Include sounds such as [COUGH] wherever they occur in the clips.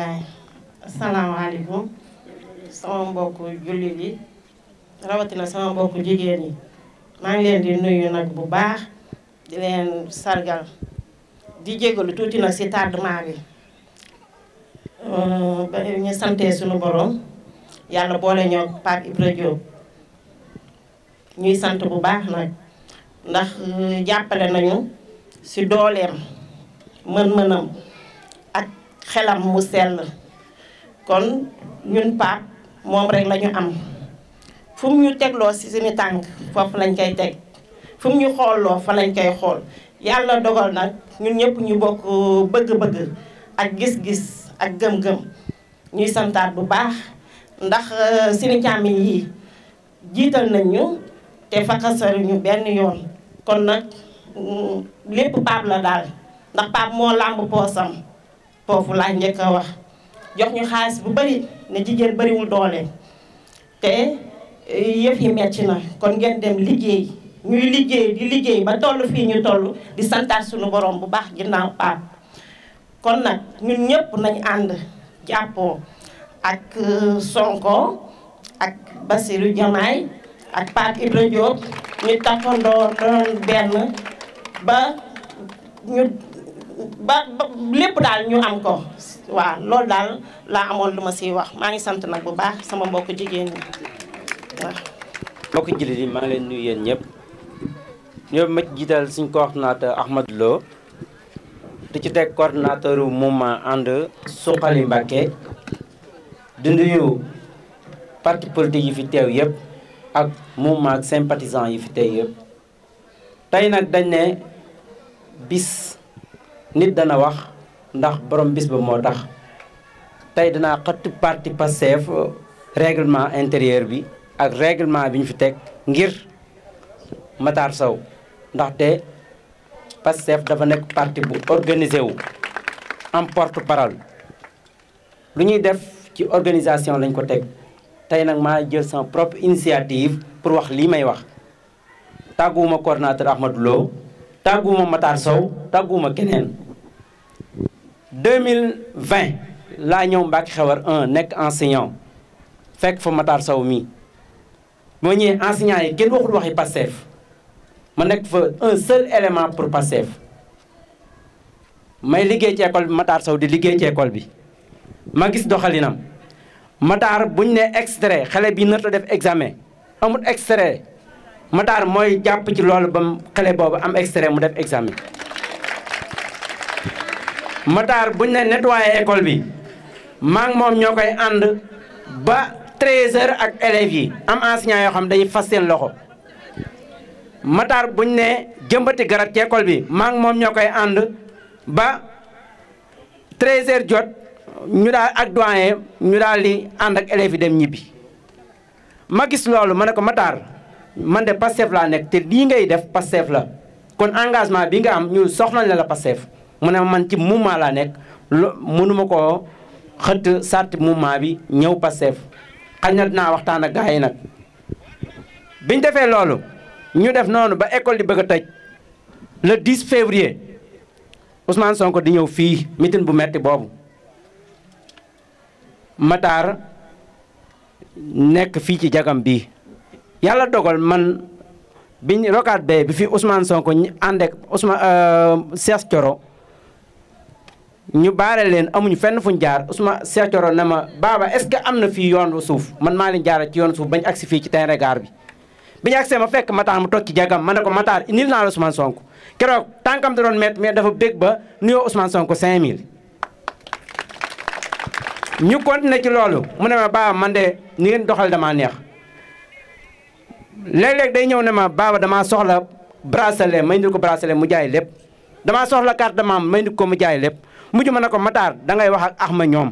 laay asalaamaaleykum sama mbokk jullit yi rawatina sama mbokk jigéen yi maa ngi leen di nuyu nag bu baax di leen sargal di jégalu tuuti nag si tardement bi euh, ba ñu sante suñu borom yàlla boole ñoo Pape Ibra ñuy sant bu baax nag ndax euh, jàppale nañu si dooleem mën-mënam xelam mu sell kon ñun Pape moom rek lañu am fu mu ñu tegloo si suñu tànk foofu lañ koy teg fu mu ñu xoolloo fa lañ koy xool yàlla dogal nag ñun ñëpp ñu bokk bëgg-bëgg ak gis-gis ak gëm-gëm ñuy santaat bu baax ndax euh, suñu càmmiñ yi jiital nañ ñu te fakkasaruñu benn yoon kon nag mm, lépp Pape la daal ndax Pape moo làmb poosam foofu laa njëkk a wax jox ñu xaalis bu bari ne jigéen bariwul doole te e, yëf yi metti na kon ngeen dem liggéey ñuy liggéey di liggéey ba toll fii ñu toll di santaat suñu borom bu baax ginnaaw paap kon nag ñun ñëpp nañ ànd jàppoo ak e, Sonko ak Bassirou Diomaye ak Pape Ibra Diop ñu takkandoo doon benn ba ñu ba lépp daal ñu am ko waaw loolu daal laa amoon lu ma siy wax maa ngi sant nag bu baax sama mbokk jigéen ñi waaw. yi maa ngi leen nuyu yéen ñëpp ñoo ma jiital suñ coordonnateur Ahmadou Lo di ci teg coordonnateur wu mouvement ànd suqali Mbàkke di nuyu parti politique yi fi teew yépp ak mouvement ak sympathisant yi fi teew yëpp tey nag dañ ne bis nit dana wax ndax borom bis ba moo tax tey danaa xëtt parti Pastef euh, règlement intérieur bi ak règlement bi ñu fi teg ngir Matar Sow ndaxte Pastef dafa nekk parti bu organisé wu en porte-parole lu ñuy def ci organisation lañ ko teg tey nag ma jël sama propre initiative pour wax lii may wax tàgguwuma coordonnateur Ahmadou Lo tàgguwuma Matar Sow tàgguwuma keneen 2020 laa ñëw Mbacke Xewar 1 nekk enseignant fekk fa Matar Sow mii moo ñëwee enseignant yi kenn waxul waxi Pastef ma nekk fa un seul élément pour Pastef may liggéey ci école bi di liggéey ci bi ma gis doxalinam Matar buñ ne extrait xale bi nata def exame amul extrait Matar mooy jàpp ci loolu ba xale boobu am extrait mu def examen Matar buñ ne nettoyé école bi maa ngi moom ñoo koy ànd ba 13 ak élèves yi am enseignants yoo xam dañuy fas seen loxo Matar buñ ne jëmbati garab ci école bi maa ngi moom ñoo koy ànd ba 13 jot ñu daal ak doyen ñu daal di ànd ak élèves dem ñibbi ma gis loolu ma ne ko Matar man de Pastef laa nekk te lii ngay def Pastef la kon engagement bii nga am ñu soxla na la Pastef mu ne man ci mouvement laa nekk lo mënuma koo xëtt sàtt mouvement bi ñëw Pastef xañ na naa waxtaan ak gars yi nag biñ defee loolu ñu def noonu ba école di bëgg tëj le 10 février Ousmane Sonko di ñëw fii mitin bu metti boobu Matar nekk fii ci jagam bii yàlla dogal man biñ rokaat bee bi fi Ousmane Sonko ànd ak Ousmane euh, Coro ñu baare leen amuñu fenn fuñ jaar Ousmane Cheikh Thioro ne ma baaba est-ce que am na fii yoon yoonu suuf man maa leen jaara ci yoon suuf bañ agsi fii ci terrain gaar bi bi ñu agsee ma fekk Matar mu toog ci jagam ma ne ko Matar indil naa la Ousmane Sonko keroog tànkam da doon met mais dafa bég ba nuyoo Ousmane Sonko 5000. ñu continué ci loolu mu ne ma baaba man de ni ngeen doxal damaa neex léeg-léeg day ñëw ne ma baaba damaa soxla bracelet may indil ko bracelet mu jaay lépp damaa soxla carte de membre may indil ko mu jaay lépp. mujj ma ne ko Matar dangay ngay wax ak Axma ñoom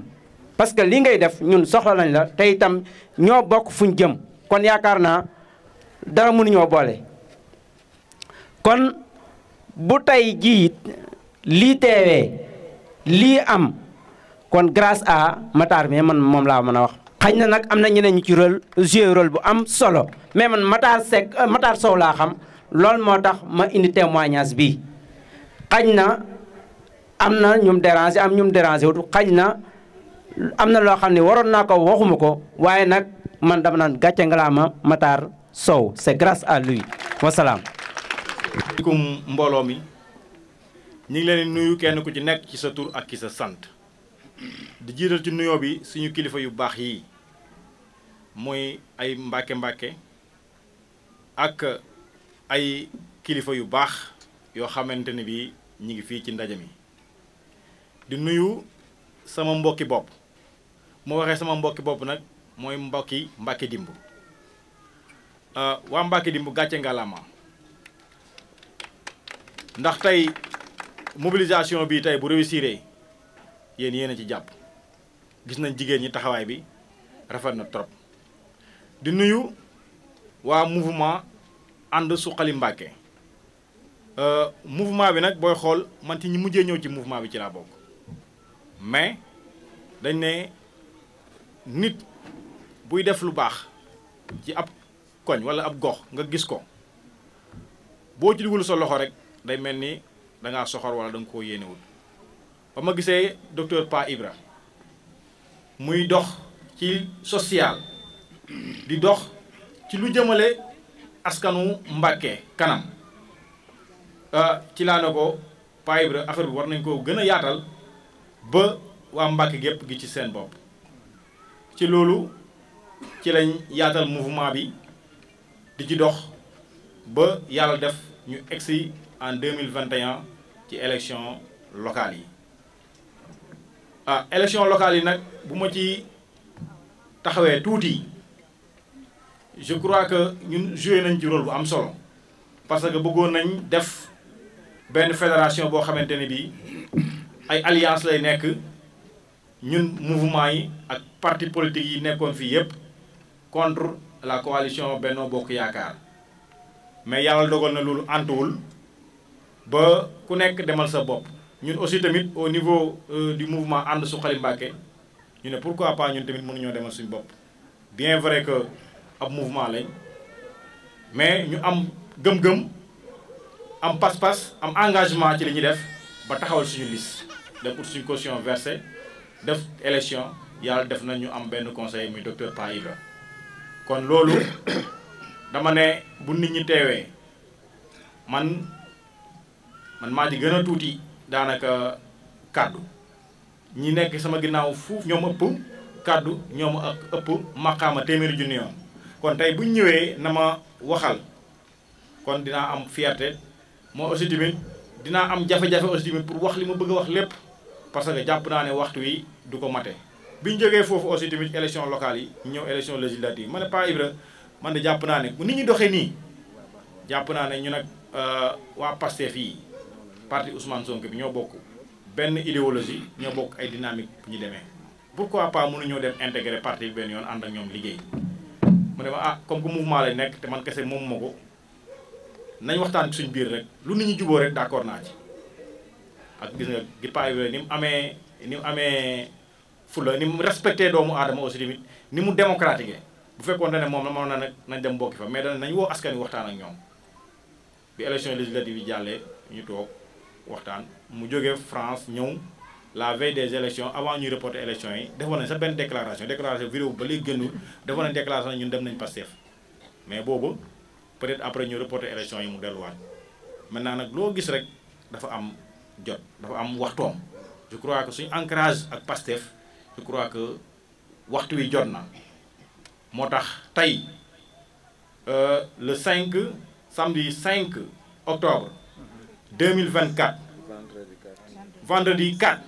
parce que li ngay def ñun soxla nañ la tey itam ñoo bokk fuñ jëm kon yaakaar naa dara mënuñoo boole. kon bu tey jii lii teewee lii am kon grace a Matar mais man moom laa mën a wax. xañ na nag am na ñeneen ñu ci rôle joué rôle bu am solo mais man Matar Seck Sow laa xam lool moo tax ma indi témoignage bii xañ na. am na ñum dérangé am ñum dérangé wut xañ na am na loo xam ne waroon naa ko waxuma ko waaye nag man dama naan gàcce ngalaama Matar Sow c'est grâce à wasalaam. asalaamaaleykum mbooloo mi ñu ngi leen nuyu kenn ku ci nekk ci sa tur ak ci sa sant di jiital ci nuyoo bi suñu kilifa yu baax yi mooy ay mbàkke mbàkke ak ay kilifa yu baax yoo xamante ne bii ñu ngi fii ci ndaje mi. di nuyu sama mbokki bopp moo waxee sama mbokki bopp nag mooy mbokki Mbacke Dimb euh, waa Mbacke Dimb gàcce ngalaama ndax tey mobilisation bi tey bu réussir yéen yéen a ci jàpp gis nañ jigéen ñi taxawaay bi rafet na trop di nuyu waa mouvement ànd suqali Mbacke euh, mouvement bi nag booy xool manti ci ñi mujjee ñëw ci mouvement bi ci laa bokk mais dañ ne nit buy def lu baax ci ab koñ wala ab gox nga gis ko boo ci sa loxo rek day mel ni da ngaa soxor wala da koo yéenewul ba ma gisee docteur Pa Ibra muy dox ci social di dox ci lu jëmale askanu Mbàkke kanam euh, ci laa ne ko Pa Ibra affaire bi war nañ koo gën a yaatal ba waa Mbàkke gépp gi ci seen bopp ci loolu ci lañ yaatal mouvement bi di ci dox ba yàlla def ñu egsi en 2021 ci élection locale yi ah élection locale yi nag bu ma ci taxawee tuuti je crois que ñun joué nañ ci rôle bu am solo parce que bëggoon nañ def benn fédération boo xamante ne bii ay alliance lay nekk ñun mouvement yi ak parti politique yi nekkoon fii yépp contre la coalition Benno Bokk Yaakaar mais yàlla dogal na loolu antuwul ba ku nekk demal sa bopp ñun aussi tamit au niveau euh, du mouvement ànd Suxali Mbàkke ñu ne pourquoi pas ñun tamit mënuñoo demal suñu bopp bien vrai que ab mouvement lañ mais ñu am gëm-gëm am pas-pas am engagement ci li def ba taxawal suñu liste dem pour suñ def élection yàlla def na ñu am benn conseil muy docteur Pa Ibra kon loolu [COUGHS] dama ne bu nit ñi teewee man man maa ci gën a tuuti daanaka kàddu ñi nekk sama ginnaaw fuuf ñoom ëpp kàddu ñoom ak ëpp maqaama téeméeri junni yoon kon tey bu ñëwee na ma waxal kon dinaa am fierté moo aussi tamit dinaa am jafe-jafe aussi tamit pour wax li ma bëgg a wax lépp parce que jàpp naa ne waxtu wi du ko mate bi ñu jógee foofu aussi tamit élection locale yi ñëw élection législative ma ne Pa Ibra man de jàpp naa ne ni ñu doxee nii jàpp naa ne ñu nag euh, waa Pastef fii parti Ousmane Sonko bi ñoo bokk benn idéologie ñoo bokk ay dynamique bu ñu demee pourquoi pas mënuñoo dem intégrer parti bi benn yoon ànd ak ñoom liggéey mu ne ma ah comme que mouvement lay nekk te man kese moom ma ko nañ waxtaan suñ biir rek lu nit ñi juboo rek d'accord naa ci ak gis nga gi paa bi ni mu amee ni mu amee fula ni mu respecté doomu aadama aussi tamit ni mu démocratique bu fekkoon ne moom la moom na nag nañ dem bokki fa mais dana nañ woo askan wi waxtaan ak ñoom bi élection législative yi jàllee ñu toog waxtaan mu jógee France ñëw la veille des élections avant ñuy reporter élections yi defoon nañ sa benn déclaration déclaration vidéo ba léegi gënul defoon nañ déclaration ñun dem nañ Pastef mais boobu peut-être après ñu reporter élections yi mu delluwaat maintenant nag loo gis rek dafa am jot dafa am waxtoom je crois que suñu ancrage ak Pastef je crois que waxtu wi jot na moo tax tey euh, le 5 samedi 5 octobre 2024 vendredi 4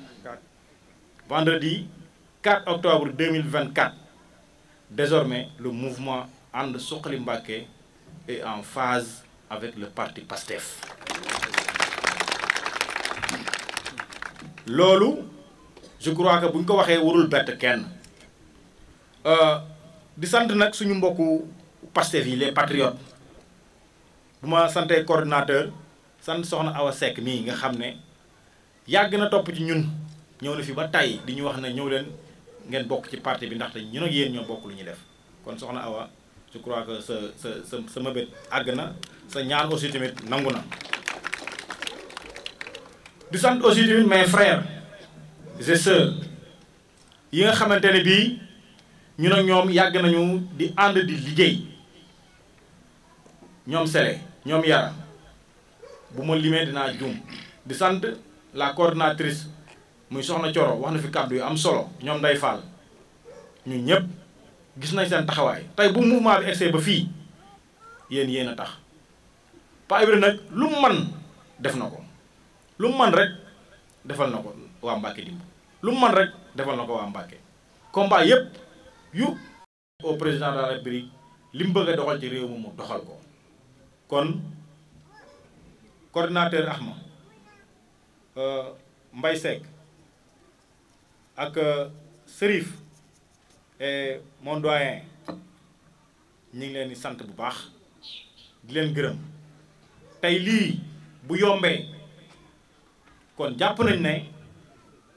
vendredi 4 octobre 2024 désormais le mouvement And Suxali Mbacké est en phase avec le parti Pastef loolu je crois que bu ñu ko waxee warul bett kenn euh, di sant nag suñu mbokku Pastef yi les patriotes bu ma santee coordinateur sant soxna Awa Seck mii nga xam ne yàgg na topp ci ñun ñëw na fi ba tey di ñu wax ne ñëw leen ngeen bokk ci parti bi ndaxte ñun ak yéen ñoo bokk lu ñuy def kon soxna Awa je crois que sa sa sa sa mëbét àgg na sa ñaan aussi tamit nangu na. di sant aussi tamit mes frères yi nga xamante ne bii ñu ak ñoom yàgg nañu di ànd di liggéey ñoom Sele ñoom Yara bu ma limee dinaa juum di sant la coordinatrice muy Soxna Coro wax na fi kàddu yu am solo ñoom Ndeye Fall ñu ñëpp gis nañ seen taxawaay tey bu mouvement bi egsee ba fii yéen yéen a tax Paa Ibra nag lu mu man def na ko lu mu man rek defal na ko waa Mbacke dimb lu mu man rek defal na ko waa Mbacke combat yëpp yu au président de la république li doxal ci réew mi mu doxal ko kon coordinateur Axma euh, mbay Seck ak euh, Serif et mon ñu ngi leen di sant bu baax di leen gërëm tey lii bu yombee kon jàpp ne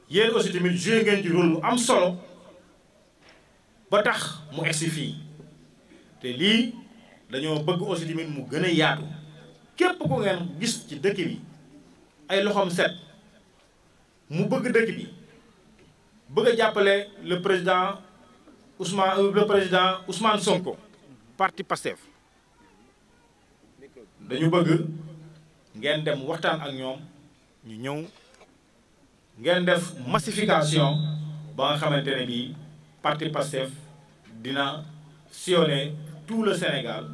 yéen aussi tamit joué ngeen ci lu bu am solo ba tax mu si fii te lii dañoo bëgg aussi tamit mu gën a yaatu képp ko ngeen gis ci dëkk bi ay loxoom set mu bëgg dëkk bi bëgg a jàppale le président Ousmane euh, le président Ousmane Sonko parti Pastef dañu bëgg ngeen dem waxtaan ak ñoom ñu ñëw ngeen def massification ba nga xamante ne bii parti Pastef dina sillonner tout le Sénégal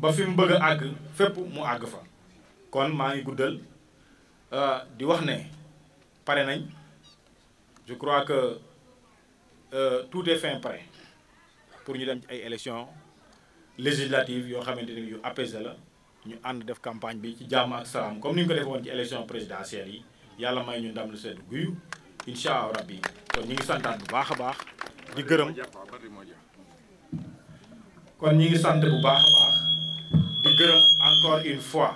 ba fi mu bëgg a àgg fépp mu àgg fa kon maa ngi guddal euh, di wax ne pare nañ je crois que euh, tout est fin prêt pour ñu dem ci ay élections législatives yoo xamante ne yu apaisé la ñu ànd def campagne bi ci jàmm ak salaam comme ni ñu ko defee woon ci élection présidentielle yi yàlla may ñu ndam lu sedd guyu incha allah rabbi kon ñu ngi santaat bu baax a baax di gërëm kon ñu ngi sant bu baax a baax di gërëm encore une fois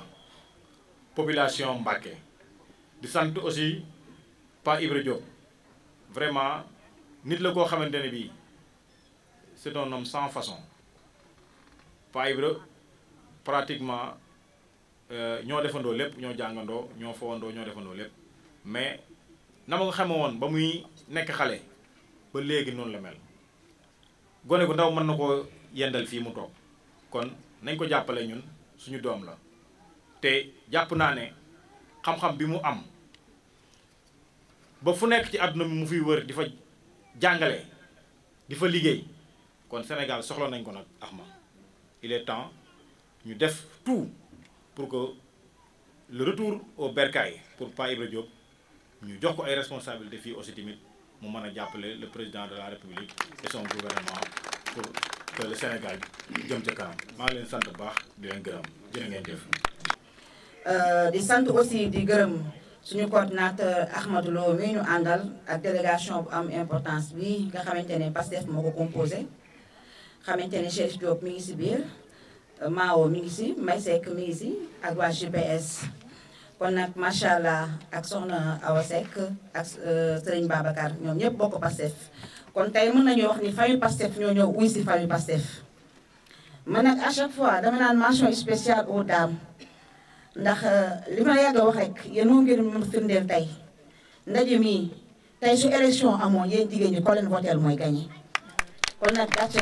population Mbacké di sant aussi Pa Ibra Diop vraiment nit la koo xamante ne bii c'est un homme sans façon pratiquement euh, ñoo defandoo lépp ñoo jàngandoo ñoo foowandoo ñoo defandoo lépp mais na ma ko xame woon ba muy nekk xale ba léegi noonu la mel gone gu ndaw mën na ko yendal fii mu toog kon nañ ko jàppale ñun suñu doom la te jàpp naa ne xam-xam bi mu am ba fu nekk ci àdduna bi mu fiy wër di fa jàngale di fa liggéey kon Sénégal soxla nañ ko nag Axma il est temps ñu def tout pour que le retour au bercail pour Pa Ibra Diop ñu jox ko ay responsabilités fii aussi tamit mu mën a jàppale le président de la république et son gouvernement pour que le Sénégal jëm ca kanam maa ngi leen sant bu baax di leen gërëm jërë ngeen euh, di sant aussi di gërëm suñu coordinateur Ahmadou Lo mi ñu àndal ak délégation bu am importance bi nga xamante ne Pastef moo ko composé xamante ne Cheikh Diop mi ngi si biir. Mao mi ngi si May Seck mi ngi si ak waa GPS kon nag macha allah ak soxna Awa Seck ak euh, Serigne Babacar ñoom ñëpp bokk Pastef kon tey mën nañu wax ni famille Pastef ñoo ñëw uy si famille Pastef man nag à chaque fois dama naan mention spéciale aux dames ndax euh, li ma yàgg a wax rek yéen moo ngir mën firndeel tey ndaje mii tey su élection amoon yéen jigéen ñi ko mooy gagné kon nag gàcce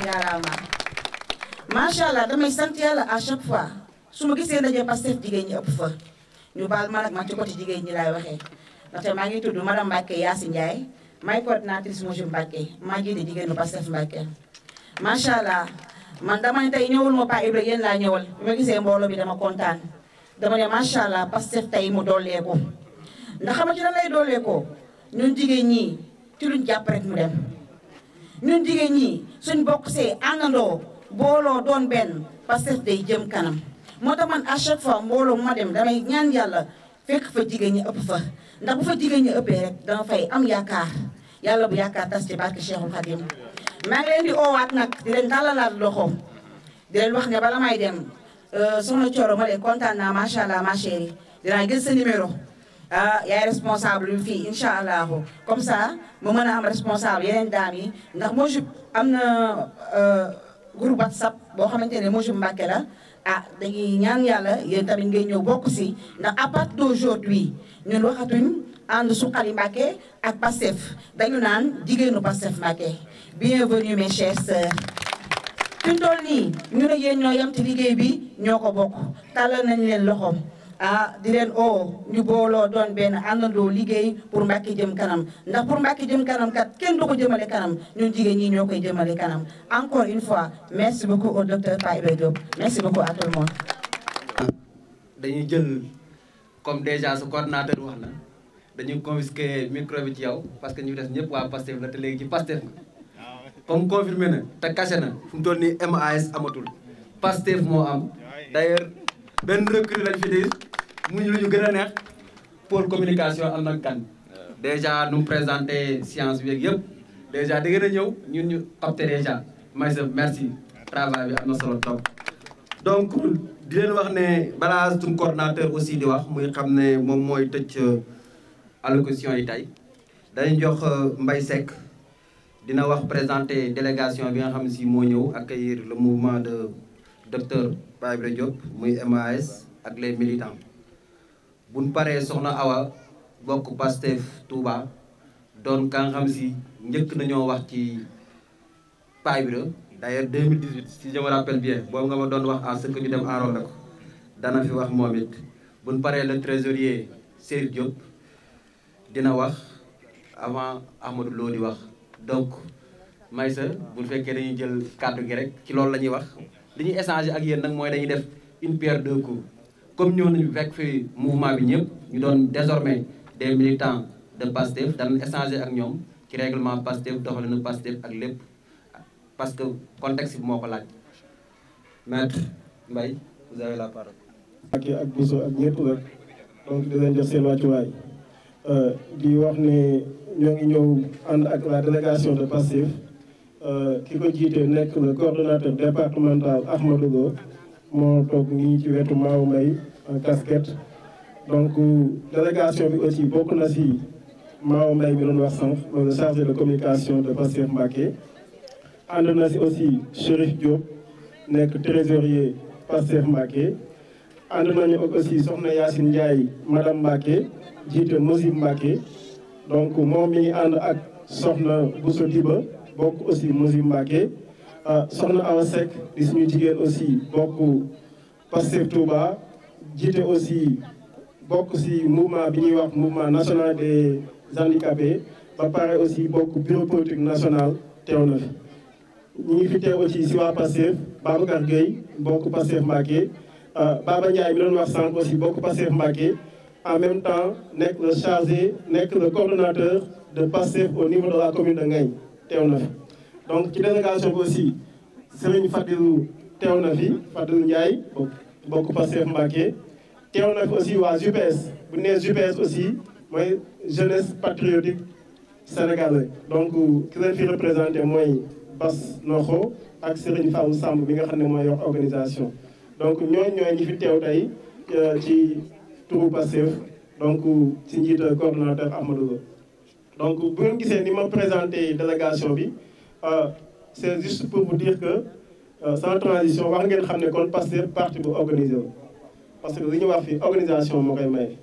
macha allah damay sant yàlla à chaque fois su ma gisee ndaje Pastef jigéen ñi ëpp fa ñu baal ma nag man ci côté jigéen ñi laay waxee ndaxte maa ngi tudd madame Mbacke Yacine Ndiaye maay coordinatrice Moussa Mbacke maa jiite jigéenu Pastef Mbacke. macha allah man dama ne tey ñëwul ma Paa Ibrahima laa ñëwal bi ma gisee mbooloo bi dama kontaan dama ne macha allah Pastef tey mu dooleeku ndax xam nga ci lan lay dooleekoo ñun jigéen ñi ci luñ jàpp rek mu dem ñun jigéen ñi suñ bokk see àndandoo. booloo doon benn Pastef day jëm kanam moo tax man à chaque fois mbooloo mu ma dem damay ñaan yàlla fekk fa jigéen ñi ëpp fa ndax bu fa jigéen ñi ëppee rek dama fay am yaakaar yàlla bu yaakaar tas ci barke Cheikhul Khadim maa ngi leen di oowaat nag di leen tàllalaat loxoom di leen wax ne bala may dem euh, soxna Thioro ma leen kontaan naa macha allah ma chérie dinaa gis sa numéro ah yaay responsable yu fii comme ça ma mën a am responsable yeneen daam yi ndax moo jub am na. Euh, groupe whatsapp boo xamante ne Mourchid Mbacké la ah dañuy ñaan yàlla yéen tamit ngay ñëw bokk si ndax à partir d'aujourd'hui ñun waxatuñ ànd Suxali Mbacké ak Pastef dañu naan jigéenu Pastef Mbacké bienvenue mes chers sœurs fi mu ñu ne yéen ñoo yem ci liggéey bi ñoo ko bokk tàllal nañ leen loxoom ah di leen oo ñu booloo doon benn àndandoo liggéey pour Mbàkke jëm kanam ndax pour Mbàkke jëm kanam kat kenn du ko jëmale kanam ñun jigéen ñi ñoo koy jëmale kanam encore une fois merci beaucoup au docteur Pape Ibrahima Diop merci beaucoup à tout le dañuy jël comme déjà su coordinateur wax na dañuy confisquer micro bi ci yow parce que ñu des ñëpp waa Pastef la te léegi ci Pastef nga comme confirmé na te caché na fu mu toll nii MAS amatul Pastef moo am d'ailleurs muy lu ñu gën a neex pour communication am na kan déjà nu mu science bi yëpp déjà da ngeen a ñëw ñun ñu opté déjà may sa merci travail bi am na solo trop donc di leen wax ne balaa suñu coordonnateur aussi di wax muy xam ne moom mooy tëj euh, allocution yi tey dañu jox euh, mbay Seck dina wax présenter délégation bi nga xam ne si moo ñëw accueillir le mouvement de docteur Baye Diop muy MAS ak les militants buñ paree soxna Awa bokk Pastef Touba doon ka xam si njëkk nañoo wax ci paay bi la d'ailleurs 2018 si je me rappelle bien boobu nga ma doon wax à ce que ñu dem enrôle ko dana fi wax moom it buñ paree le trésorier Serigne Diop dina wax avant Amadou Lo di wax donc Maysa bu fekkee dañuy jël kàddu gi rek ci loolu la ñuy wax li ñuy échanger ak yéen nag mooy dañuy def une pierre deux coups comme ñëw nañu fekk fi mouvement bi ñëpp ñu doon désormais des militants de PASTEF danañ échanger ak ñoom ci réglement règlement PASTEF doxalinu PASTEF ak lépp parce que context bi moo ko laaj maître Mbaye vous avez la parole. ak ak Bousso ak ñëpp rek donc di leen jox seen wàccuwaay euh, wax ni ñoo ngi ñëw ànd ak la délégation de PASTEF euh, ki ko jiite nekk le coordonnateur départemental Ahmadou Lo moo toog nii ci wetu Maaw mbay en casquette donc bi aussi bokk na si Mao Mbaye bi doon wax sànq le chargé de communication de Pastef Mbacké ànd na si aussi Chérif Diop nekk trésorier Pastef Mbacké ànd nañu aussi soxna Yacine Ndiaye madame Mbacké jiite Mosib Mbacké donc moom mi ngi ak soxna Bousso Diba bokk aussi Mosib Mbacké ah, soxna Awa Seck di suñu jigéen aussi bokk Pastef Touba jiite aussi bokk si mouvement bi ñuy wax mouvement national des handicapés ba aussi bokk bureau politique national teew na fi ñu ngi fi teew aussi ci waa Pastef Babacar Gueye bokk Pastef Mbacké euh, Baba Ndiaye mi doon wax sànq aussi bokk Pastef Mbacké en même temps nekk le chargé nekk le coordonnateur de Pastef au niveau de la commune de Ngagne teew na fi donc ci délégation bi aussi Serigne Fadilou teew na fi Fadilou Ndiaye bokk Pastef Mbacké teew na aussi waa JPS bu nee JPS aussi mooy jeunesse patriotique sénégalaise donc ki leen fi représenté mooy Bas Noxo ak Serigne Fallou Samb bi nga xam ne mooy yor organisation donc ñooñu ñooy ñi fi teew tey euh, ci turu Pastef donc ci njiit coordonnateur Amadou Ba donc bu ngeen gisee ni ma présenté délégation bi euh, c'est juste pour vous dire que Euh, sans transition wax ngeen xam ne kon Pastef parti bu organisé wu parce que li ñu wax fii organisation moo koy may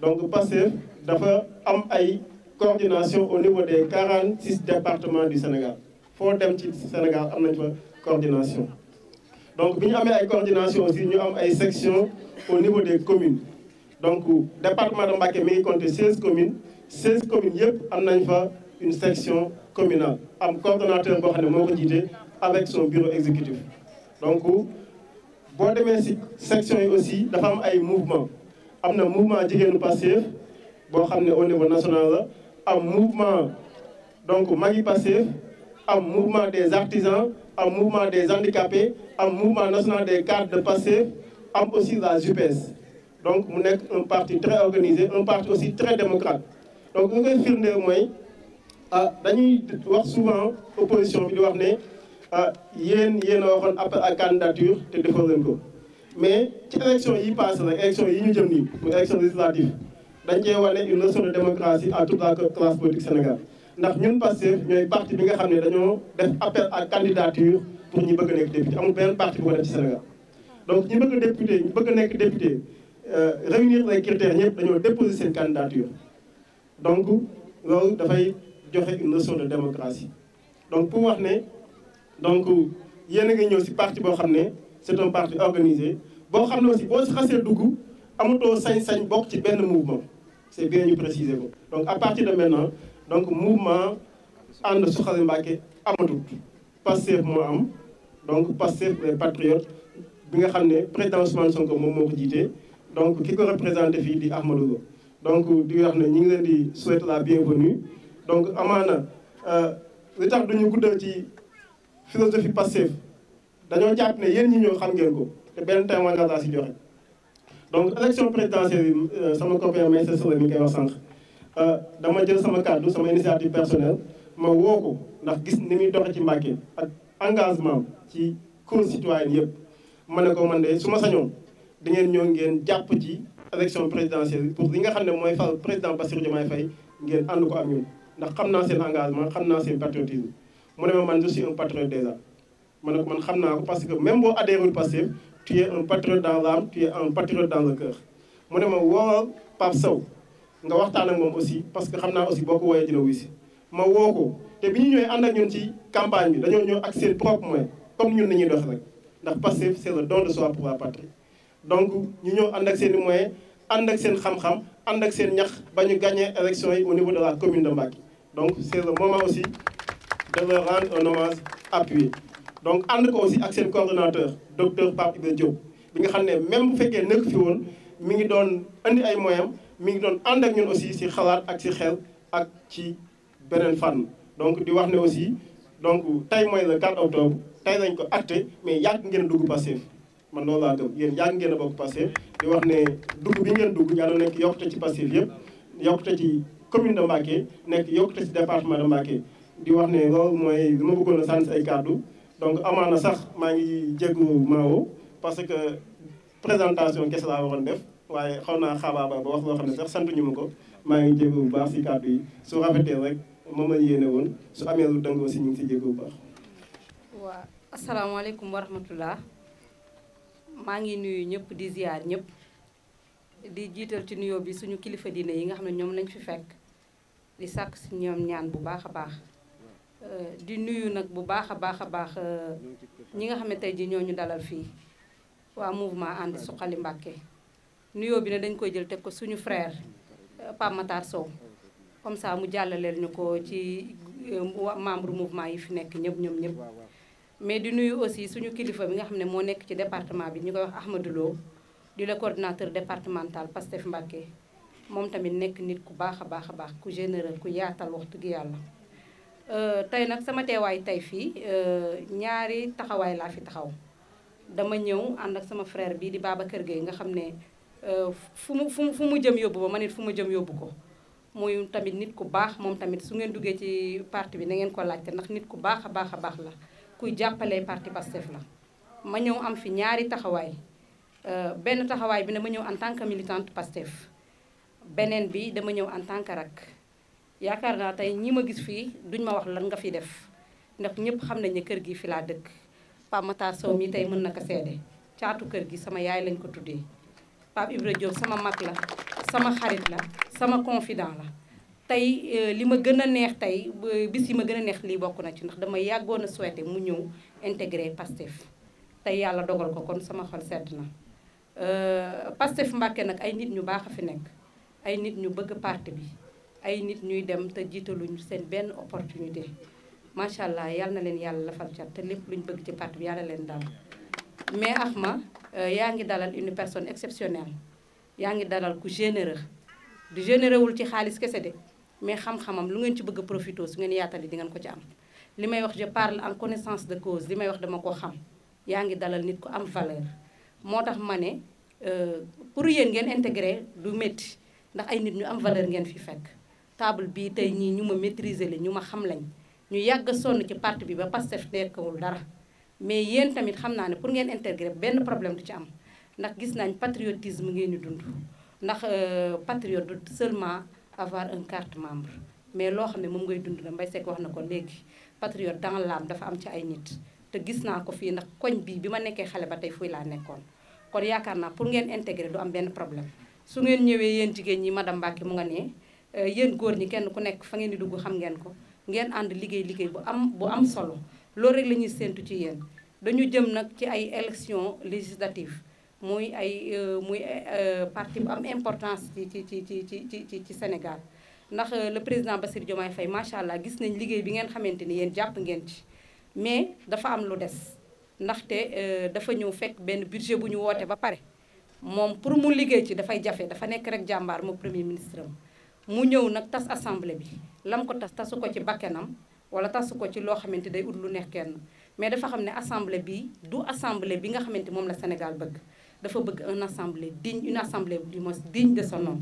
donc Pastef dafa am ay coordination au niveau des 46 départements du Sénégal foo dem ci Sénégal am nañ fa coordination donc bi ñu amee ay coordination aussi ñu am ay sections au niveau des communes donc département de Mbacké mi ngi compter 16 communes 16 communes yëpp am nañ fa une section communale am coordonnateur boo xam ne moo ko jiite avec son bureau exécutif donc boo demee si section yi aussi dafa am ay mouvement am na mouvement jigéenu Pastef boo xam ne au niveau national la am mouvement donc magi Pastef am mouvement des artisans am mouvement des handicapés am mouvement national des cadres de Pastef am aussi la JPS donc mu nekk un parti très organisé un parti aussi très démocrate donc li ngay firndeel mooy ah dañuy wax souvent opposition bi di wax ne ah yéen yéen waxoon appel à candidature te defoon ko mais ci élection yi passé nag élection yi ñu jëm nii muy élection législative dañ cee wane une leçon de démocratie à toute nga xam ne dañoo def appel à candidature pour ñu bëgg a nekk député amul benn parti bu ko def ci Sénégal donc ñu bëgg député ñu bëgg nekk député euh, réunir les critères ñëpp dañoo déposer candidature donc loolu dafay joxe une leçon de démocratie donc pour wax ne donc yéen a ngi ñëw si parti boo xam ne c'est un parti organisé boo xam ne aussi boo si xasee dugg amutoo sañ-sañ bokk ci benn mouvement c'est bien ñu préciser ko donc à partir de maintenant donc mouvement ànd Suxali Mbàkke amatul Pastef moo am donc Pastef les patriotes bi nga xam ne président Ousmane Sonko moom moo ko jiite donc ki ko représenté fii di Ahmadou Lo donc di xam ne ñu ngi leen di souhaiter la bienvenue donc amaana euh, li tax duñu guddal ci philosophie Pastef dañoo jàpp ne yéen ñi ñoo xam ngeen ko te benn témoignage laa si joxe donc élection présidentielle yi euh, sama copain Maïssa Sow mi ngi koy wax sànq euh, dama jël sama kàddu sama initiative personnelle ma woo ko ndax gis ni muy doxe ci Mbàkke ak engagement ci cause citoyenne yëpp ma ne ko man de su ma sañoon da ngeen ngeen jàpp ci élection présidentielle pour li nga xam ne mooy fal président Bassirou Diomaye Faye ngeen ànd ko ak ñun ndax xam naa seen xam naa seen patriotisme mu ne ma man je suis un patriote déjà ma ne ko man xam naa ko parce que même boo adhéré Pastef tu es un patriote dans l'âme tu es un patriote dans le cœur mu ne ma woowal Pape Sow nga waxtaan ak moom aussi parce que xam naa aussi boo ko wooyee dina wuy si ma woo ko te bi ñu ñëwee ànd ak ñun ci campagne bi dañoo ñëw ak seen propre moyen comme ñun nañuy dox rek ndax Pastef c'est le don de soi pour la donc ñu ñëw ànd ak seen i moyen ànd ak seen xam-xam ànd seen ñax ba ñu gagné élection yi au niveau de la commune de Mbacké donc de leur rendre un appuyé donc ànd ko aussi ak seen coordonnateur docteur Pape Ibe Diop bi nga xam ne même bu fekkee nekk fi woon mi ngi doon indi ay moyens mi ngi doon ànd ak ñun aussi si xalaat ak si xel ak ci beneen fànn donc di wax ne aussi donc tey mooy le 4 octobre tey lañ ko acté mais yàgg ngeen dugg Pastef man loolu laa gëm yéen ngeen a bokk Pastef di wax ne dugg bi ngeen dugg yàlla nekk yokkute ci Pastef yëpp yokkute ci commune de Mbacké nekk yokkute ci département de di wax ne loolu mooy li ma ay kàddu donc amaa na sax maa ngi jéggu Mao parce que présentation kese laa waroon def waaye xaw naa xaabaaba ba wax loo xam ne sax santuñu ma ko maa ngi jéggu bu baax si kàddu yi su rafetee rek moom la yéene woon su amee lu dëngoo si ñu ngi si jéggu bu baax. waaw asalaamaaleykum wa rahmatullah maa ngi nuyu ñëpp di ziar ñëpp di jiital ci nuyoo bi suñu kilifa diine yi nga xam ne ñoom lañ fi fekk di sàkk si ñoom ñaan bu baax a baax. Euh, di nuyu nag bu baax a baax a baax euh, ñi nga xam ne tey jii ñoo ñu dalal fii waa mouvement ànd suqali Mbàkke nuyoo bi ne dañ koy jël teg ko suñu frère euh, Pape Matar Sow comme ça mu jàllaleel ñu ko ci membre mouvement yi fi nekk ñëpp ñoom ñëpp mais di nuyu aussi suñu kilifa bi nga xam ne moo nekk ci département bi ñu koy wax Ahmadou Lo di le coordinateur départemental Pastef Mbàkke moom tamit nekk nit ku baax a baax a baax ku généreux ku yaatal waxtu gi yàlla Euh, tey nag sama teewaay tey fii euh, ñaari taxawaay laa fi taxaw dama ñëw ànd ak sama frère bi di kër Gueye nga xam ne euh, fu mu fu mu fu mu jëm yóbbu ba ma nit fu mu jëm yóbbu ko muy tamit nit ku baax moom tamit su ngeen duggee ci parti bi na ngeen ko laajte ndax nit ku baax a baax a baax la kuy jàppale parti Pastef la ma ñëw am fi ñaari taxawaay benn taxawaay bi ma ñëw en tant que militante Pastef beneen bi dama ñëw en tant que yaakaar naa tey ñii ma gis fii duñ ma wax lan nga fi def ndax ñëpp xam nañ ne kër gi fi laa dëkk Pape Matar mi tey mën na ko seede caatu kër gi sama yaay lañ ko tuddee Pape Ibra Diop sama mag la sama xarit la sama confident la tey euh, li ma gën a neex tey bis yi ma gën a neex lii bokk na ci ndax dama yàggoon a souhaité mu ñëw intégré Pastef tey yàlla dogal ko kon sama xol sedd na euh, Pastef Mbàkke nag ay nit ñu baax a fi nekk ay nit ñu bëgg parti bi ay nit ñuy dem te jiitaluñ seen benn opportunité macha allah yal na leen yàlla lafal cat te lépp luñ bëgg ci parti bi yàlla leen dal mais Axma euh, yaa ngi dalal une personne exceptionnelle yaa ngi dalal ku généreux du généreux wul ci xaalis kese de mais xam-xamam lu ngeen ci bëgg a profité su ngeen yaatali di ngeen ko ci am li may wax je parle en connaissance de cause li may wax dama ko xam yaa ngi dalal nit ku am valeur moo tax ma ne euh, pour yéen ngeen intégré du métti ndax ay nit ñu am valeur ngeen fi fekk table bii tey ñii ñu ma maîtriser la ñu ma xam lañ ñu yàgg sonn ci parti bi ba Pastef nekkawul dara mais yéen tamit xam naa ne pour ngeen intégrer benn problème du ci am ndax gis nañ patriotisme ngeen di dund ndax euh, patriote du seulement avoir un membre mais loo xam ne moom ngay dund na Mbaye Seck wax na ko léegi patriote dans l'âme dafa am ci ay nit te gis naa ko fii ndax koñ bii bi ma nekkee xale ba tey fuy laa nekkoon kon yaakaar naa pour ngeen intégrer du am benn problème su ngeen ñëwee yéen jigéen ñi ma dam Mbacke mu nga nee Euh, yéen góor ñi kenn ku nekk fa ngeen di dugg xam ngeen ko ngeen ànd liggéey liggéey bu am bu am solo loolu rek la ñuy séentu ci yéen dañu jëm nag ci ay élection législative muy ay euh, muy euh, parti bu am importance ci ci ci ci ci ci ci Sénégal ndax le président Bassirou Diomaye Faye macha allah gis nañ liggéey bi ngeen xamante ni yéen jàpp ngeen ci mais dafa am lu des ndaxte dafa ñëw fekk benn budget bu ñu woote ba pare moom pour mu liggéey ci dafay jafe dafa nekk rek jàmbaar moo premier ministre mu ñëw nag tas assemblée bi lam ko tas tasu ko ci bakkenam wala tasu ko ci loo xamante day ut lu neex kenn mais dafa xam ne assemblée bi du assemblée bi nga xamante moom la Sénégal bëgg dafa bëgg un assemblée digne une assemblée bi moins digne de son nom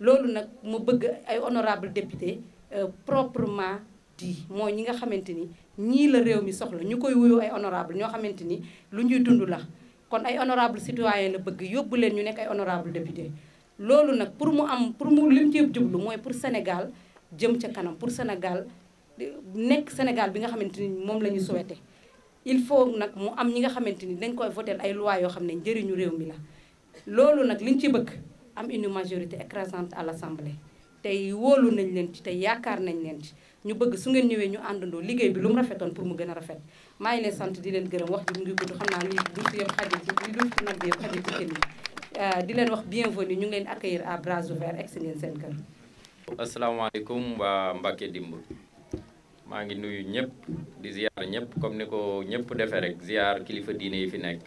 loolu nag mu bëgg ay honorable député euh, proprement dit mooy ñi nga xamante ni ñii la réew mi soxla ñu koy wuyoo ay honorable ñoo xamante ni lu ñuy dund la kon ay honorable citoyen la bëgg yóbbu leen ñu nekk ay honorable député loolu nag pour mu am pour mu lim ci jublu mooy pour Sénégal jëm ca kanam pour Sénégal nekk Sénégal bi nga xamante ni moom la ñu souhaité il faut nag mu am ñi nga xamante ni dañ koy voté ay loi yoo xam ne njëriñu réew mi la loolu nag liñ ci bëgg am une majorité écrasante à l'Assemblée tey wóolu nañ leen ci tey yaakaar nañ leen ci ñu bëgg su ngeen ñëwee ñu àndandoo liggéey bi lu rafetoon pour mu gën a rafet maa ngi leen sant di leen gërëm wax ji mu ngi gudd xam naa Euh, di leen wax bienvenue ñu ngeen leen accueillir à bras ouverts egg si ngeen seen kër. asalaamaaleykum waa Mbacke Dimb maa ngi nuyu ñëpp di ziar ñëpp comme ni ko ñëpp defee rek ziar kilifa diine yi fi nekk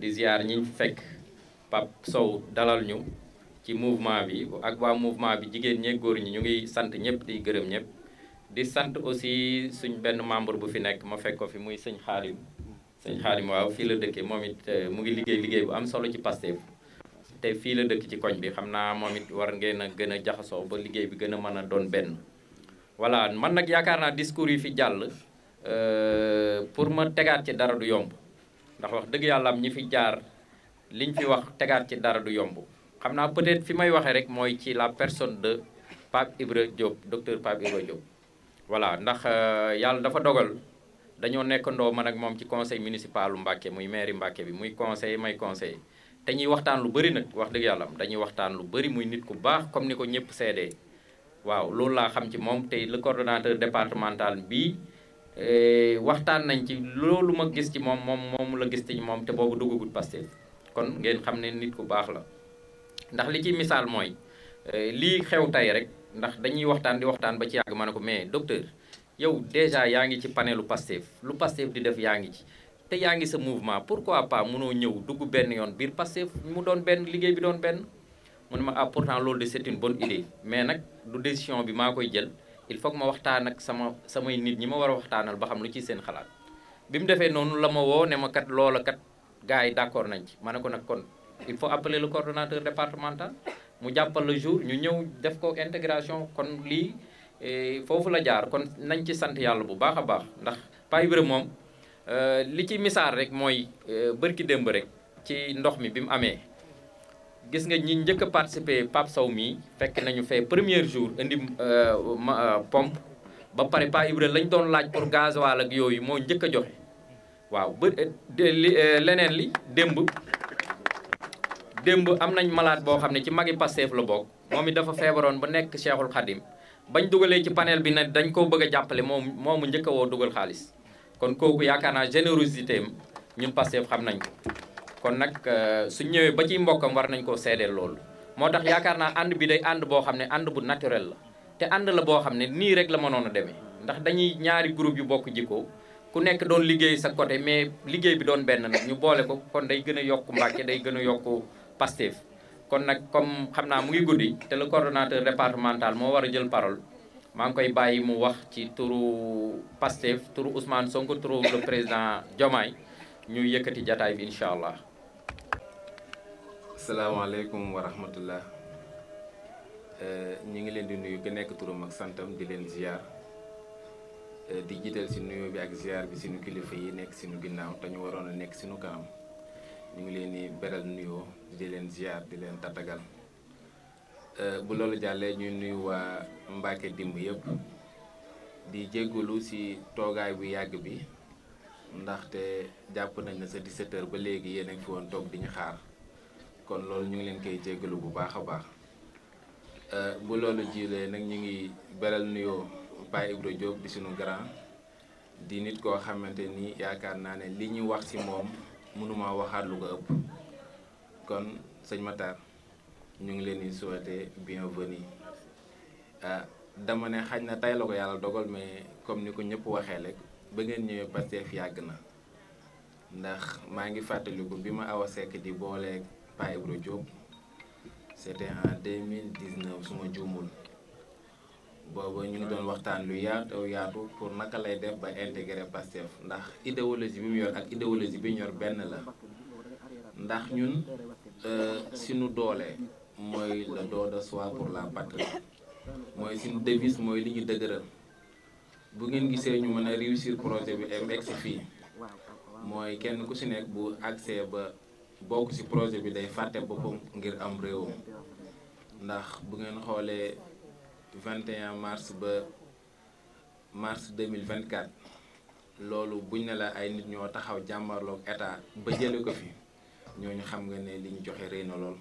di ziar ñi fi fekk Pape Sow dalal ñu ci mouvement bi ak waa mouvement bi jigéen ñeeg góor ñi ñu ngi sant ñëpp di gërëm ñëpp. di sant aussi suñ benn membre bu fi nekk ma fekk ko fi muy sëñ Xaarim sëñ Xaarim waaw fii la dëkkee moom it euh, mu ngi liggéey liggéey bu am solo ci Pastef. fii la dëkk ci koñ bi xam naa moom it war ngeen a gën a jaxasoo ba liggéey bi gën a mën a doon benn voilà man nag yaakaar naa discours yi fi jàll euh, pour ma tegaat ci dara du yomb ndax wax dëgg yàlla am ñi fi jaar liñ fi wax tegaat ci dara du yomb xam naa peut-être fi may waxee rek mooy ci la personne de Pape Ibra Diop docteur Pape Ibra Diop. voilà ndax euh, yàlla dafa dogal dañoo nekkandoo man ak moom ci conseil municipalu Mbacké muy mairie Mbacké bi muy conseil may conseil dañuy waxtaan lu bëri nag wax dëgg yàlla dañuy waxtaan lu bëri muy nit ku baax comme ni ko ñëpp seedee waaw loolu laa xam ci moom tey le coordonnateur départemental bi eh, waxtaan nañ ci loolu ma gis ci moom moom moom la gis ci moom te boobu duggagul Pastef kon ngeen xam ne nit ku baax la ndax li ci misaal mooy eh, lii xew tay rek ndax dañuy waxtaan di waxtaan ba ci yàgg ma ne ko mais docteur yow déjà yaa ngi ci panelu Pastef lu Pastef di def yaa ngi ci te yaa ngi sa mouvement pourquoi pas munoo ñëw dugg benn yoon biir Pastef mu doon benn liggéey bi doon benn mu ne ma ah pourtant loolu de c'est une bonne mais nag du décision bi maa koy jël il faut ma waxtaan ak sama samay nit ñi ma war a waxtaanal ba xam lu ci seen xalaat bi mu defee noonu la ma woo ne ma kat loola kat yi d'accord nañ ci ma ne ko nag kon il faut appeler le coordonnateur départemental mu jàppal la jour ñu ñëw def ko intégration kon lii eh, foofu la jaar kon nañ ci sant yàlla bu baax a baax Euh, li ci misaal rek mooy euh, bërki démb rek ci ndox mi bi mu amee gis nga ñi njëkk a participer Sow mii fekk nañu fee premier jour indi euh, pompe ba pare Pa Ibra lañ doon laaj pour gasoil ak yooyu moo njëkk a joxe waaw ba leneen li démb démb am nañ malaat boo xam ne ci magi Pastef la bokk moom it dafa feebaroon bu nekk Cheikhul Khadim bañ dugalee ci panel bi ne dañ ko bëgg a jàppale moom moomu njëkk a woo dugal xaalis kon kooku yaakaar naa générosité am ñun Pastef xam nañ ko kon nag euh, su ñëwee ba ciy mbokkam war nañ koo seedeel loolu moo tax yaakaar naa ànd bi day ànd boo xam ne ànd bu naturel la te ànd la boo xam ne nii rek la mënoon a demee ndax dañuy ñaari groupe yu bokk jikko ku nekk doon liggéey sa côté mais liggéey bi doon benn nag ñu boole ko kon day gën a yokk Mbàkke day gën a yokk Pastef kon nag comme xam naa mu ngi guddi te le coordonnateur départemental moo war a jël parole maa ngi koy bàyyi mu wax ci turu Pastef turu Ousmane Sonko turu le président Diomaye ñu yëkkati jataay bi incha allah. salaamaaleykum wa rahmatullah ñu ngi leen di nuyu ku nekk turam mag santam di leen ziar di jiital si nuyu bi ak ziar bi sinu kilifa yi nekk sinu ginnaaw dañu waroon a nekk sinu kanam ñu ngi leen di beral nuyoo di leen ziar di leen tàttagal. Euh, bu loolu jàllee ñuy nuyu waa Mbacke dimb yëpp di jéggulu ci toogaay bu yàgg bi ndaxte jàpp nañ ne sa 17h ba léegi yéen a toog di ñu xaar kon loolu ñu ngi leen koy jégalu bu baax a baax euh, bu loolu jilee nag ñu ngi beral nuyoo Baye Ibra di suñu grand di nit koo xamante ni yaakaar naa ne li ñu wax ci moom mënuma waxaat lu ko ëpp kon sëñ Matar ñu ngi leen di souhaiter bienvenue ah dama ne xaj na tey la ko yàlla dogal mais comme ni ko ñëpp waxee rek ba ngeen ñëwee Pastef yàgg na ndax maa ngi fàttaliku bi ma aw a Seck di booleeg Pa Ibra Diop c'était en 2019 su ma juumul booba ñu ngi doon waxtaan lu yaatu yaatu pour naka lay def ba intégré Pastef ndax idéologie bi mu yor ak idéologie bi ñu yor benn la ndax ñun euh, nu doolee mooy la don de pour la patrie mooy suñu devise mooy li ñu dëgëral bu ngeen gisee ñu mën a réussir projet bi mexi fii mooy kenn ku si nekk bu accès ba bokk si projet bi day fàtte boppam ngir am réewam ndax bu ngeen xoolee 21 mars ba mars 2024 loolu buñ ne la ay nit ñoo taxaw jàmbarloog état ba jële ko fi ñoo ñu xam nga ne li ñu joxe rey na lool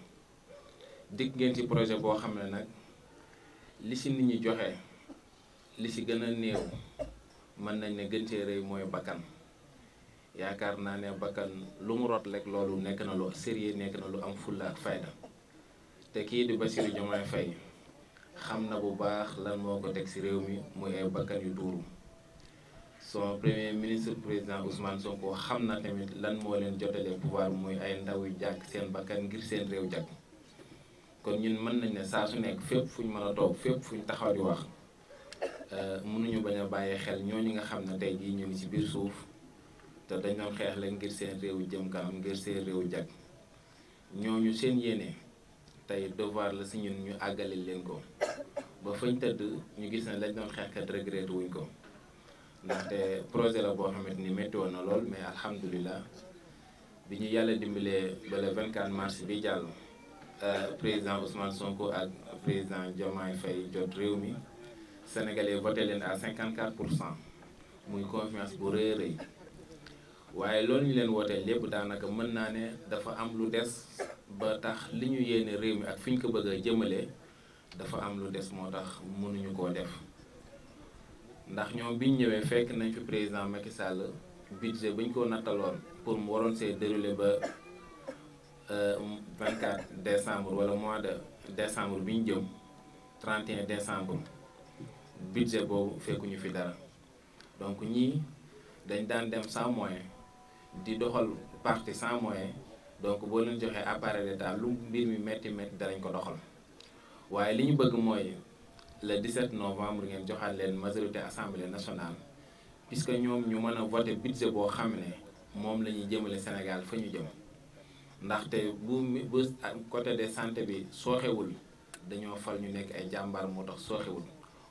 dégg ngeen ci projet boo xam ne nag li ci nit ñi joxe li ci gën a néew mën nañ ne gën cee rëy mooy bakkan yaakaar naa ne bakkan lu mu rot rek loolu nekk na lu sérieux nekk na lu am fulla ak fayda te kii di Bassirou Diomaye Faye xam na bu baax lan moo ko teg ci réew mi muy ay bakkan yu tuuru son premier ministre président Ousmane Sonko xam na tamit lan moo leen jotalee pouvoir muy ay ndaw yu jàkk seen bakkan ngir seen réew jàkk kon ñun mën nañ ne saa su nekk fépp fu ñu mën a toog fépp fu ñu taxaw di wax euh, mënuñu bañ a bàyyi xel ñooñu nga xam ne tey jii ñu ngi biir suuf te dañ doon xeex leen ngir seen réew jëm kanam ngir seen réew jag ñooñu seen yéene tey devoir la ci ñun ñu àggale leen ko ba fañ tëdd ñu gis ne lañ doon xeexkat regretté wuñ ko ndaxte projet la boo xamante ni métti woon na lool mais alhamdulilah bi ñu yàlla dimbalee ba le 24 mars bi jàll. Euh, président Ousmane Sonko ak président Diomaye Faye jot réew mi sénégalais voté leen à 54 pour cent muy confiance bu rëy rëy waaye loolu ñu leen wootee lépp daanaka mën naa ne dafa am lu des ba tax li ñu yéene réew mi ak fi ñu ko bëgg a jëmale dafa am lu des moo tax mënuñu koo def ndax ñoom biñ ñëwee fekk nañ fi président Macky Sall budget buñ ko nattaloon pour mu waroon see déroulé ba. 24 euh, um, décembre wala mois de décembre bi ñu jëm 31 décembre budget boobu ñu fi dara donc ñii dañ daan dem sans moyen di doxal parti sans moyen donc boo leen joxee appareil d'état lu mbir mi métti métti danañ ko doxal waaye li ñu bëgg mooy le 17 novembre ngeen joxaat leen majorité assemblée nationale puisque ñoom ñu mën a voter budget boo xam ne moom la ñuy jëmale Sénégal fa ñu jëm. ndaxte bu bu côté de sante bi sooxewul dañoo fal ñu nekk ay jàmbaar moo tax sooxewul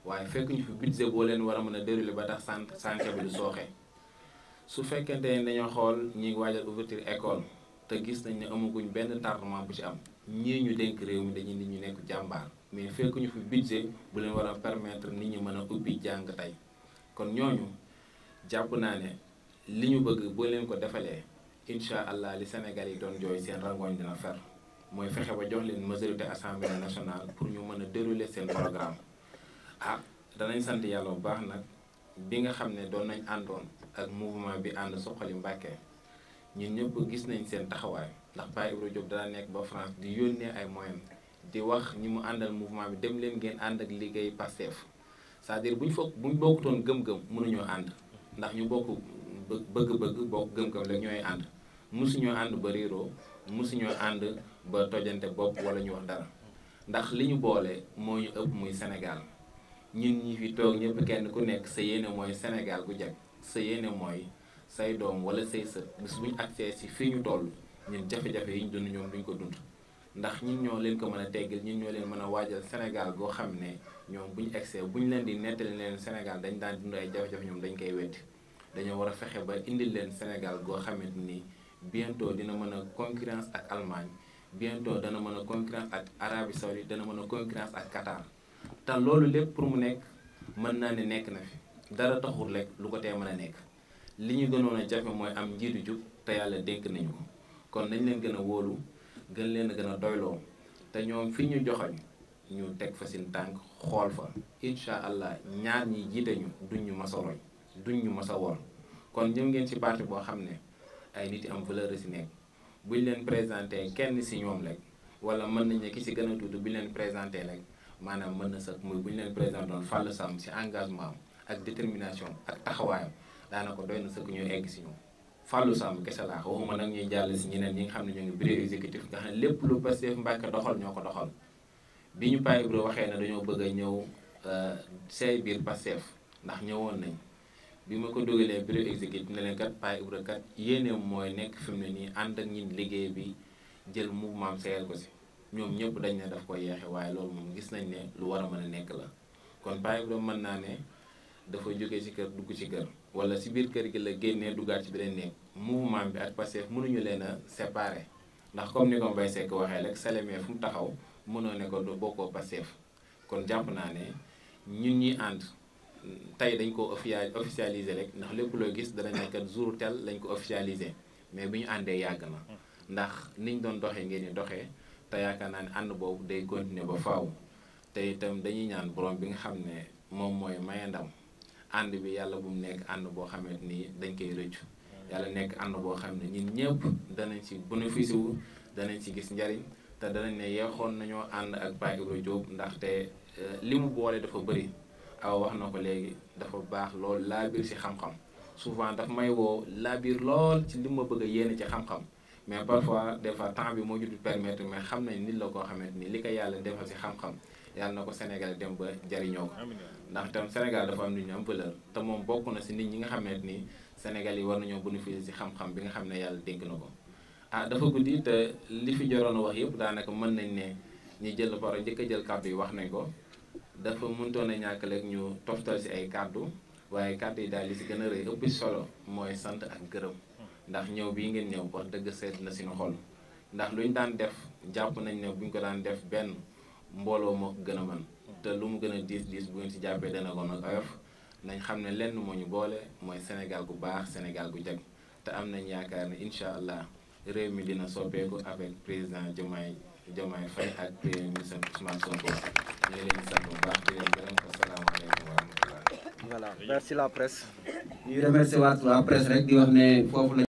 waaye fekk ñu fi budget boo leen war a mën a déroulé ba tax sant santé bi du sooxe su fekkente ne dañoo xool ñi ngi waajal ouverture école te gis nañ ne amaguñ benn tardement bu ci am ñii ñu dénk réew mi dañuy nit ñu nekk jàmbaar mais fekk ñu fi budget bu leen war a permettre nit ñi mën a ubbi jàng tey kon ñooñu jàpp naa ne li ñu bëgg boo leen ko defalee incha allah li Sénégal yi doon jooy seen rangooñ dina fer mooy fexe ba jox leen majorité assemblée nationale pour ñu mën a dérouler seen programme ah danañ sant yàlla bu baax nag bi nga xam ne doon nañ àndoon ak mouvement bi ànd Suxali Mbàkke ñi ñëpp gis nañ seen taxawaay ndax Baye Ibra Diop dana nekk ba France di yónnee ay moyens di wax ñi mu àndal mouvement bi dem leen ngeen ànd ak liggéey Pastef c'est-à-dire bu ñu foog bu ñu bokkutoon gëm-gëm mënuñoo ànd ndax bëgg-bëgg bokk gëm-gëm la ñooy ànd mosuñoo ànd ba riiroo mosuñoo ànd ba tojante bopp wala ñu wax dara ndax li ñu boole moo ñu ëpp muy Sénégal ñun ñi fi toog ñëpp kenn ku nekk sa yéene mooy Sénégal gu jag sa yéene mooy say doom wala say sët bis bu ñu agsee si fii ñu toll ñun jafe-jafe yi ñu dund ñoom duñ ko dund ndax ñun ñoo leen ko mën a teggil ñun ñoo leen mën a waajal Sénégal goo xam ne ñoom bu ñu egsee bu ñu leen di nettali leen Sénégal dañ daan dund ay jafe ñoom dañ koy wetti dañoo war a fexe ba indil leen Sénégal goo xamante ni bientôt dina mën a concurrence ak Allemagne bientôt dana mën a concurrence ak Arabie Saoudite dana mën a concurrence ak Qatar te loolu lépp pour mu nekk mën naa ne nekk na fi dara taxul rek lu ko tee mën a nekk li ñu gënoon a jafe mooy am njiitu jub te yàlla dénk nañu ko kon nañ leen gën a wóolu gën leen a gën a doyloo te ñoom fi ñu joxoñ ñu teg fa seen tànk xool fa incha allah ñaar ñi jiite ñu duñ ñu masoroñ duñ ñu ma sa woor kon ñëw ngeen ci parti boo xam ne ay nit yi am valeur si nekk buñ leen présenté kenn si ñoom rek wala mën nañ ne ki ci gën a tuuti buñ leen présenté rek maanaam mën na sax muy buñ leen présenté woon Fallou Sam si engagement am ak détermination ak taxawaayam daanaka doy na sëkk ñu egg si ñoom Fallou Sam kese laa ma nag ñuy jàll si ñeneen ñi nga xam ne ñoo ngi bureau exécutif nga xam ne lépp lu Pastef Mbàkke doxal ñoo ko doxal bi ñu Pape Ibro waxee ne dañoo bëgg a ñëw euh, say biir Pastef ndax ñëwoon nañ. bi ma ko dogalee bureau exécutif ne leen kat Paye Ibra kat yéene mooy nekk fi mu ne nii ànd ak ñun liggéey bi jël mouvement seeyal ko si ñoom ñëpp dañ ne daf ko yeexe waaye loolu moom gis nañ ne lu war a mën a nekk la kon Paye Ibra mën naa ne dafa jóge ci kër dugg ci kër wala si biir kër gi la génnee duggaat ci beneen néeg mouvement bi ak Pastef mënuñu leen a séparer ndax comme ni ko Mbaye Seck waxee rek Salémé fu mu taxaw mënoo ne ko bokkoo Pastef kon jàpp naa ne ñun tey dañ ko officialiser rek ndax lépp loo gis dana nekkat jour tel lañ ko officialiser mais bi ñu àndee yàgg na ndax niñ doon doxee ngeen di doxee te yaakaar naa ne ànd boobu day continuer ba faaw te itam dañuy ñaan borom bi nga xam ne moom mooy maye ndam ànd bi yàlla bu mu nekk ànd boo xamante ni dañ koy rëccu yàlla nekk ànd boo xam ne ñun ñëpp danañ ci bénéfice wu danañ ci gis njariñ te danañ ne yeexoon nañoo ànd ak Baye Ibra ndax ndaxte euh, li mu boole dafa bëri aw wax na ko léegi dafa baax lool laabir si xam-xam souvent daf may woo laabir lool ci li ma bëgg a ci xam-xam mais parfois des fois temps bi moo ñu du permettre mais xam nañ nit la koo xamante ni li ko yàlla defal si xam-xam na ko Sénégal dem ba jariñoo ko ndax tam Sénégal dafa am lu ñu am valeur te moom bokk na si nit ñi nga xamante nii Sénégal yi war nañoo bénéficier si xam-xam bi nga xam ne yàlla dénk na ko ah dafa guddi te li fi joroon wax yëpp daanaka mën nañ ne ñi jël la par njëkk jël kàddu yi wax nañ ko dafa mënutoon a ñàkk rek ñu toftal si ay kàddu waaye kàddu yi daal di si gën a rëy ëpp solo mooy sant ak gërëm ndax ñëw bii ngeen ñëw wax dëgg sedd na suñu xol ndax lu ñu daan def jàpp nañ ne bu ñu ko daan def benn mbooloo moo ko gën a man te lu mu gën a diis diis bu ngeen si jàppee dana ko nag oyof nañ xam ne lenn moo ñu boole mooy Sénégal gu baax Sénégal gu jag te am nañ yaakaar ne incha allah réew mi dina soppeeku avec président yi Diomaye Faye ak premier ministre Ousmane Sonko ñu ngi leen di sant bu baax di leen gërëm asalaamaaleykum wa merci la presse. ñu remercier waat la presse rek di wax ne foofu la.